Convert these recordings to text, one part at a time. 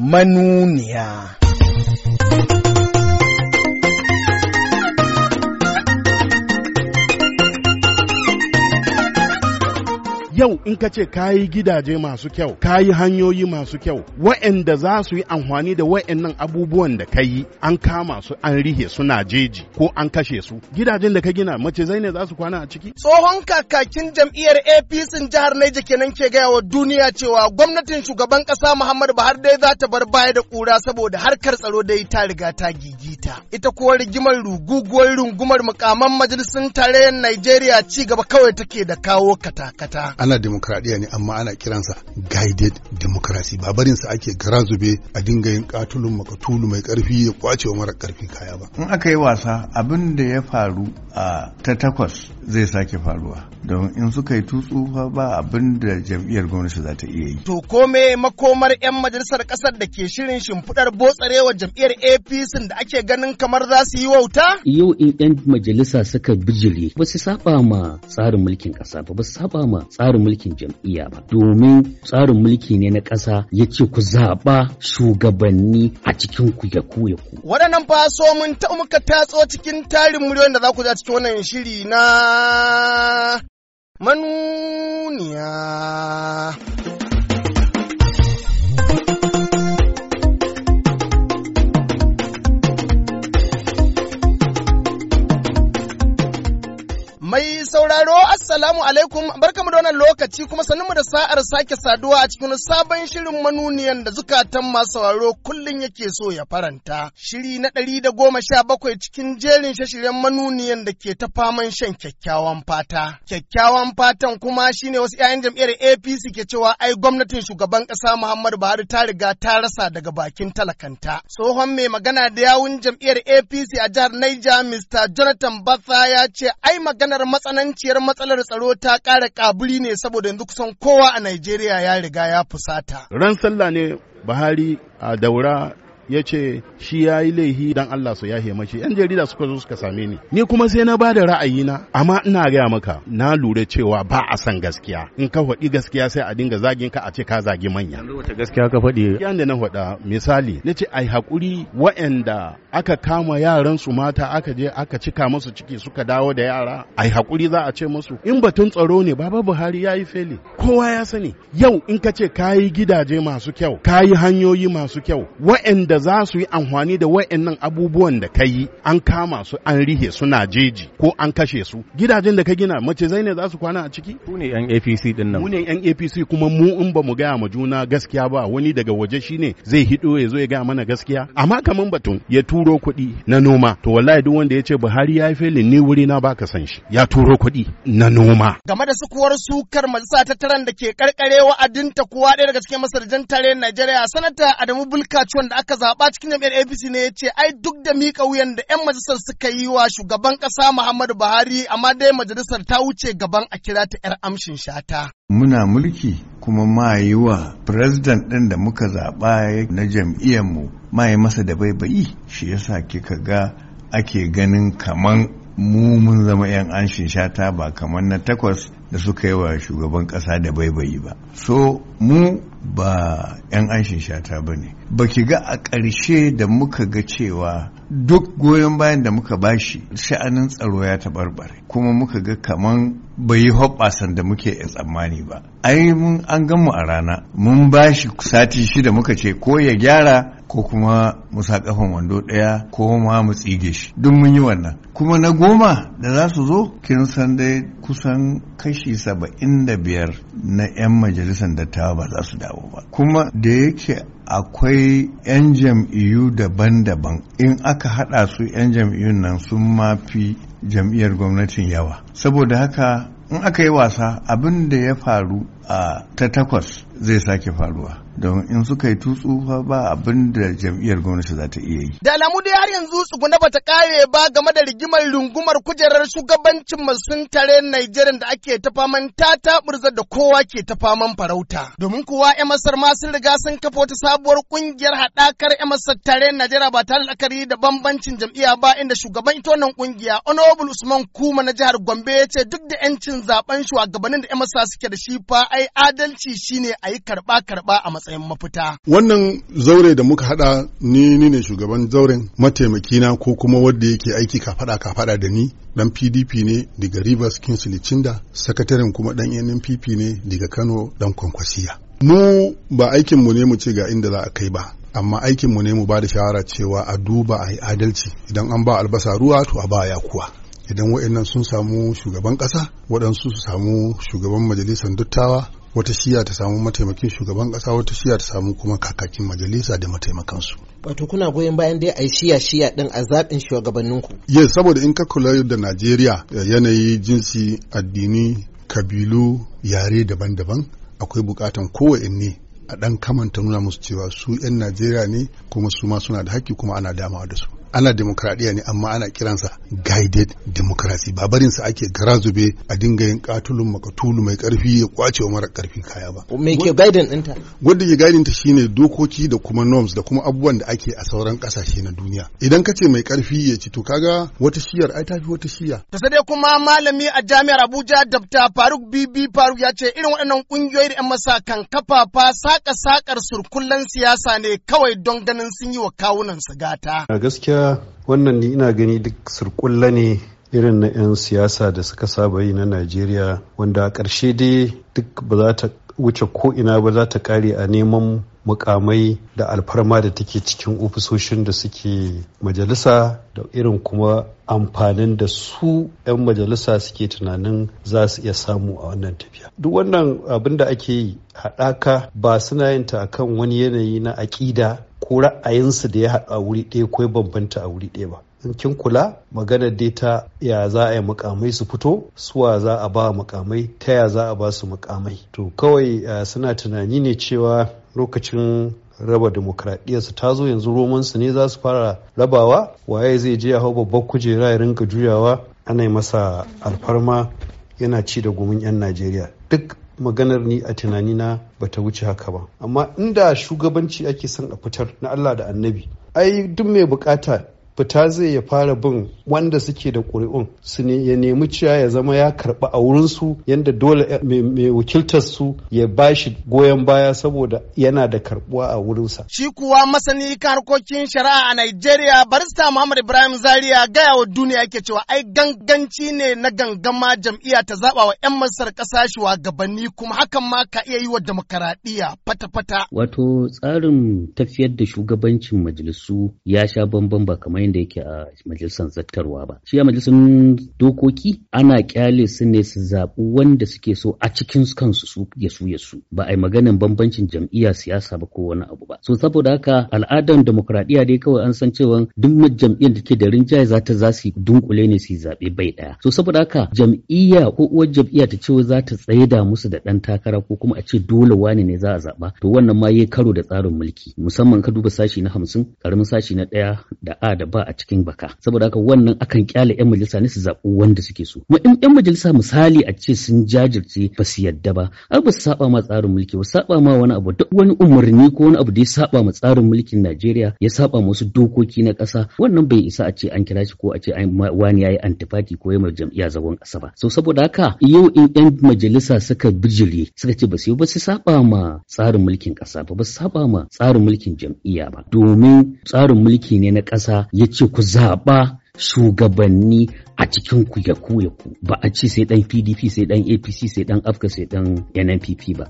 manuniya. yau in ka ce ka yi gidaje masu kyau ka yi hanyoyi masu kyau wa'anda za su yi amfani da wa'annan abubuwan da ka yi an kama su an rihe suna jeji ko an kashe su gidajen da ka gina mace zai ne za su kwana a ciki tsohon kakakin jam'iyyar apc jihar naija kenan ke gaya wa duniya cewa gwamnatin shugaban kasa muhammadu buhari dai za ta bar baya da kura saboda harkar tsaro dai ta riga ta gigita ita kuwa rigimar ruguguwar rungumar mukaman majalisun tarayyar najeriya ci gaba kawai take da kawo katakata ana demokradiyya ne amma ana kiransa guided democracy ba barin sa ake gara zube a dinga yin katulun makatulu mai karfi ya kwace wa mara karfi kaya ba in aka yi wasa abin da ya faru a ta takwas zai sake faruwa don in suka yi tutsu ba abin da jam'iyyar gwamnati za ta iya yi to kome makomar 'yan majalisar kasar da ke shirin shimfiɗar botsarewa jam'iyyar apc da ake ganin kamar za su yi wauta yau in 'yan majalisa suka bijire ba su saba ma tsarin mulkin kasa ba ba su saba ma tsarin tsarin mulkin jam'iyya ba domin tsarin mulki ne na ƙasa ya ce ku zaɓa shugabanni a cikin ku ya ku ya ku. Waɗannan faso so mun ta muka tatso cikin tarin miliyon da za ku za cikin wannan shiri na manuniya. Mai sauraro Assalamu alaikum barkamu da wannan lokaci kuma mu da sa'ar sake saduwa a cikin sabon shirin manuniyan da zukatan masu sauraro kullum yake so ya faranta. Shiri na ɗari da goma sha bakwai cikin jerin shashiren manuniyan da ke ta faman shan kyakkyawan fata. Kyakkyawan fatan kuma shine wasu 'ya'yan jam'iyyar APC ke cewa ai gwamnatin shugaban ƙasa Muhammadu Buhari ta riga ta rasa daga bakin talakanta. Tsohon mai magana da yawun jam'iyyar APC a jihar Niger Mr. Jonathan Batha ya ce ai maganar matsananciyar matsalar tsaro ta ƙara ƙaburi ne saboda yanzu kusan kowa a Najeriya ya riga ya fusata. Ran sallah ne Buhari a daura ya ce shi ya yi laihi dan Allah su yahe mashi yan jarida suka zo suka same ni ni kuma sai na bada ra'ayina amma ina gaya maka na lura cewa ba a san gaskiya in ka faɗi gaskiya sai a dinga zagin ka a ce ka zagi manya wata gaskiya ka faɗi na faɗa misali na ce ai hakuri wa'anda aka kama yaran su mata aka je aka cika musu ciki suka dawo da yara ai hakuri za a ce musu in batun tsaro ne baba Buhari ya yi feli kowa ya sani yau in ka ce ka yi gidaje masu kyau ka yi hanyoyi masu kyau wa'anda Da za su yi amfani da wa'annan abubuwan da ka yi an kama su an rihe suna jeji ko an kashe su gidajen da ka gina mace zai ne za su kwana a ciki ku ne yan APC din nan ne yan APC kuma mu in ba mu gaya ma juna gaskiya ba wani daga waje shine zai hido ya zo ya gaya mana gaskiya amma kaman batun ya turo kuɗi na noma to wallahi duk wanda ya ce Buhari ya yi ne ni wuri na baka san shi ya turo kuɗi na noma game da sukuwar sukar majalisa ta da ke karkare wa'adinta kuwa ɗaya daga cikin masarjan tare Najeriya sanata Adamu Bulkaci da aka zaɓa cikin jam'iyyar APC ne ya ce ai duk da mika wuyan da 'yan majalisar suka yi wa shugaban ƙasa Muhammadu Buhari amma dai majalisar ta wuce gaban a kira ta 'yar amshin shata. Muna mulki kuma ma yi wa president ɗin da muka zaɓa na jam'iyyarmu ma yi masa da baibayi shi yasa kika ga ake ganin kaman mu mun zama 'yan an shata ba kamar na takwas da suka yi wa shugaban ƙasa da baibayi ba so mu ba 'yan an shata ba ne ba ki ga a ƙarshe da muka ga cewa duk goyon bayan da muka bashi sha'anin tsaro ya taɓarɓare kuma muka ga kaman bai hoɓasan da muke tsammani ba ai mun an ganmu a rana mun bashi sati shida muka ce ko ya gyara ko kuma mu sa kafan wando ɗaya ko ma mu tsige shi duk mun yi wannan kuma na goma da za su zo kin san dai kusan kashi saba'in da biyar na 'yan majalisar dattawa ba za su dawo ba kuma da yake akwai 'yan jam'iyyu daban-daban in aka haɗa su 'yan jam'iyyun nan sun mafi jam'iyyar gwamnatin yawa saboda haka in aka yi wasa abin da ya faru a ta takwas zai sake faruwa don in suka yi tutsu fa ba abin da jam'iyyar gwamnati za ta iya yi. Da alamu dai har yanzu tsuguna bata kare ba game da rigimar rungumar kujerar shugabancin masun tare Nigerian da ake ta faman ta taburza da kowa ke ta faman farauta. Domin kuwa 'yan Masar ma sun riga sun kafa wata sabuwar kungiyar haɗakar 'yan Masar tare Najeriya ba tare da da bambancin jam'iyya ba inda shugaban ita wannan kungiya Honorable Usman Kuma na jihar Gombe ya ce duk da 'yancin zaben shugabannin da 'yan Masar suke da shi fa ai adalci shine a yi karɓa-karɓa a matsayin mafita. Wannan zaure da muka haɗa ni ni ne shugaban zauren mataimakina ko kuma wanda yake aiki kafaɗa kafaɗa da ni dan PDP ne daga Rivers Kingsley Cinda, sakataren kuma dan NNPP ne daga Kano dan Kwankwasiya. Mu ba aikinmu ne mu ce ga inda za a kai ba, amma aikinmu ne mu ba da shawara cewa a duba a yi adalci idan an ba albasa ruwa to a ba kuwa. idan waɗannan sun samu shugaban kasa, waɗansu su samu shugaban majalisar dattawa wata shiya ta samu mataimakin shugaban kasa wata shiya ta samu kuma kakakin majalisa da mataimakansu wato kuna goyon bayan dai a yi shiya shiya din a zaɓin ku. yes saboda in ka kula da najeriya eh, yanayi jinsi addini kabilu yare daban-daban akwai bukatan kowanne a ɗan kamanta nuna musu cewa su 'yan najeriya ne kuma su ma suna da haƙƙi kuma ana damawa da su ana demokradiyya ne amma ana kiransa guided democracy ba barinsa ake garazube a dinga yin katulun makatulu mai karfi ya kwace wa mara karfi kaya ba me ke guiding ɗinta wanda ke guiding ta shine dokoki da kuma norms da kuma abubuwan da ake a sauran kasashe na duniya idan ka ce mai karfi ya ci to kaga wata shiyar ai tafi wata shiya ta sai kuma malami a jami'ar Abuja Dr. Faruk Bibi Faruk ya ce irin waɗannan kungiyoyi da 'yan masa kan kafafa saka sakar surkullen siyasa ne kawai don ganin sun yi wa kawunan su gata a gaskiya wannan ni ina gani duk surkulla ne irin na 'yan siyasa da suka saba yi na najeriya wanda a ƙarshe dai duk ba za ta wuce ko'ina ba za ta kare a neman mukamai da alfarma da take cikin ofisoshin da suke majalisa da irin kuma amfanin da su 'yan majalisa suke tunanin za su iya samu a wannan tafiya duk wannan abin da ake yi haɗaka ba suna yin ta akan wani yanayi na aƙida ko ra'ayinsu da ya haɗu a wuri ɗaya ko ya bambanta a wuri ɗaya ba in kin kula magana dai ta ya za a yi mukamai su fito suwa za a ba mukamai ta ya za a ba su mukamai to kawai eh, suna tunani ne cewa lokacin raba su ta zo yanzu romansu ne za su fara rabawa waye zai je ya hau babbar kujera ya rinka juyawa ana yi masa alfarma yana ci da gumin 'yan najeriya duk maganar ni a tunanina ba ta wuce haka ba amma inda shugabanci ake son a fitar na Allah da annabi ai duk mai bukata fita zai ya fara bin wanda suke da ƙuri'un su ne ya nemi ciya ya zama ya karɓi a wurinsu yadda dole eh, mai wakiltar su ya ba shi goyon baya saboda yana da karɓuwa a wurinsa. Shi kuwa masani harkokin shari'a a Najeriya barista Muhammad Ibrahim Zaria gaya wa duniya yake cewa ai ganganci ne na gangama jam'iyya ta zaɓa wa 'yan masar ƙasa shugabanni kuma hakan ma ka iya yi wa demokaradiyya fata-fata. Wato tsarin tafiyar da shugabancin majalisu ya sha bamban ba kamar da yake a majalisar zattarwa ba shi a majalisar dokoki ana kyale su ne su zaɓi wanda suke so a cikin kansu su ya su ya su ba a yi maganin bambancin jam'iyya siyasa ba ko wani abu ba so saboda haka al'adar demokradiyya dai kawai an san cewa duk jam'iyyar da ke da rinjaye za ta za su dunkule ne su zaɓe bai ɗaya so saboda haka jam'iyya ko uwar jam'iyya ta cewa za ta tsaida musu da ɗan takara ko kuma a ce dole wani ne za a zaɓa to wannan ma ya karo da tsarin mulki musamman ka duba sashi na hamsin ƙaramin sashi na ɗaya da a da ba a cikin baka saboda haka wannan akan kyale yan majalisa ne su zaɓi wanda suke so kuma in yan majalisa misali a ce sun jajirce ba su yadda ba ai ba su saba ma tsarin mulki ba saba ma wani abu duk wani umarni ko wani abu da ya saba ma tsarin mulkin Najeriya ya saba ma wasu dokoki na ƙasa wannan bai isa a ce an kira shi ko a ce wani yayi antifati ko yamar jam'iyya zagon ƙasa ba so saboda haka yau in yan majalisa suka bijire suka ce ba su ba su saba ma tsarin mulkin ƙasa ba ba su saba ma tsarin mulkin jam'iyya ba domin tsarin mulki ne na ƙasa ya ya ce ku zaɓa shugabanni a cikin ku ya ku ba a ce sai ɗan pdp sai ɗan apc sai ɗan afka sai ɗan nnpp ba.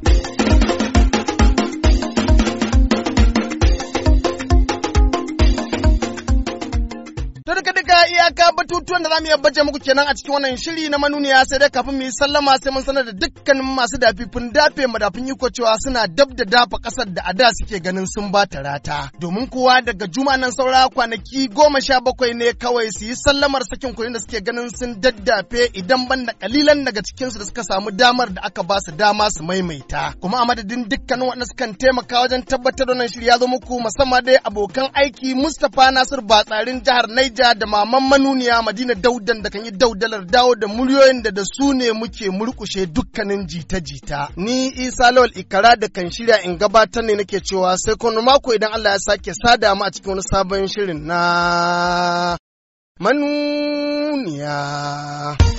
iyaka batutuwan da za mu iya muku kenan a cikin wannan shiri na manuniya sai dai kafin mu yi sallama sai mun sanar da dukkanin masu dafifin dafe madafin iko cewa suna dab da dafa kasar da a da suke ganin sun ba ta rata. Domin kuwa daga juma nan saura kwanaki goma sha bakwai ne kawai su yi sallamar sakin kuɗin da suke ganin sun daddafe idan ban da kalilan daga cikinsu da suka samu damar da aka ba su dama su maimaita. Kuma a madadin dukkanin waɗanda sukan taimaka wajen tabbatar da wannan shiri ya zo muku musamman dai abokan aiki Mustapha Nasir Batsarin jihar Naija da Maman manuniya madina daudan da kan yi daudalar dawo da muryoyin da da su ne muke murkushe dukkanin jita-jita ni isa lawal ikara da kan shirya in gabatar ne nake cewa sai kuma mako idan allah ya sake sada mu a cikin wani sabon shirin na manuniya.